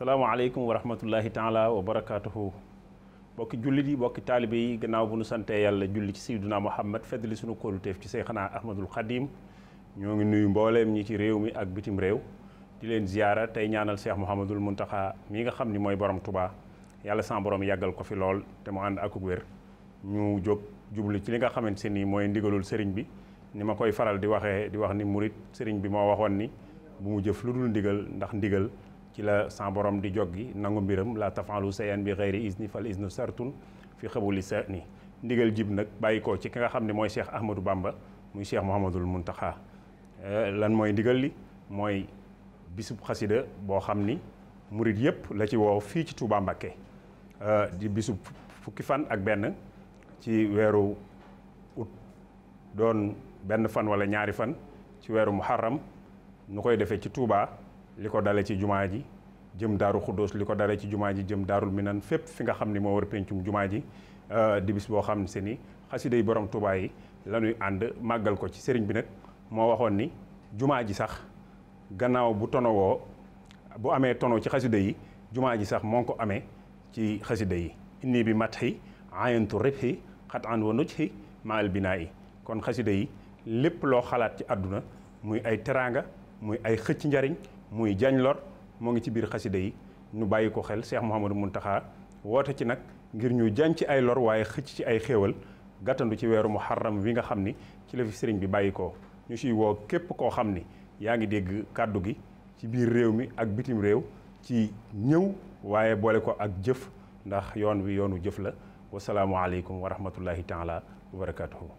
salaamaaleykum wa rahmatullahi taala wa barakaatuhu bokki jullit yi bokki taalibe yi gannaaw bu nu santee yàlla julli ci sayyiduna Muhammad feddali sunu kóoluteef ci xanaa Ahmadul Xadim ñoo ngi nuyu mbooleem ñi ci réew mi ak bitim réew di leen ziyaara tey ñaanal Cheikh Mouhamadul Muntaxa mi nga xam ni mooy borom tubaa yàlla sama borom yàggal ko fi lool te mu ànd ak wér ñu jóg jublu ci li nga xamante ni mooy ndigalul sëriñ bi ni ma koy faral di waxee di wax ni murit sëriñ bi moo waxoon ni bu mu jëf lu dul ndigal ndax ndigal ci la san boroom di joggi nangu mbiram la tafalu sayan bi xeyri isni fal isnu sartun fi xabuli sa ni ndigal jib nag bàyyi ci ki nga xam ne mooy Cheikh Ahmadou Bamba muy Cheikh Mouhamadul Muntaxa eh, lan mooy ndigal li mooy bisub xasida boo xam ni murit yépp la ci woow fii ci Touba Mbakke eh, di bisub fukki fan ak benn ci weeru ut doon benn fan wala ñaari fan ci weeru muharram nu koy defee ci tuubaa li ko dale ci jumaa ji jëm daaru xuddoos li ko dale ci jumaa ji jëm daarul minan fépp fi nga xam ni moo war pencum jumaa ji euh, di boo xam se ni xasida yi borom Tuubaa yi la ànd màggal ko ci sëriñ bi nag moo waxoon ni jumaa ji sax gannaaw bu tonowoo woo bu amee tono ci xasida yi jumaa ji sax moo ko amee ci xasida yi inni bi mat matxi ayantu ribhi xat an wa nujhi maal binaa yi kon xasida yi lépp loo xalaat ci àdduna muy ay teraanga muy ay xëcc njariñ muy jañ lor moo ngi ci biir xasida yi ñu bàyyi ko xel Cheikh mun taxaar woote ci nag ngir ñu jañ ci ay lor waaye xëcc ci ay xéewal gàttandu ci weeru muharram wi nga xam ni ci la fi sëriñ bi bàyyi ko ñu ciy woo képp koo xam ni yaa ngi dégg kàddu gi ci biir réew mi ak bitim réew ci ñëw waaye boole ko ak jëf ndax yoon wi yoonu jëf la wasalaamualeykum wa rahmatullahi taala wa barakatuhu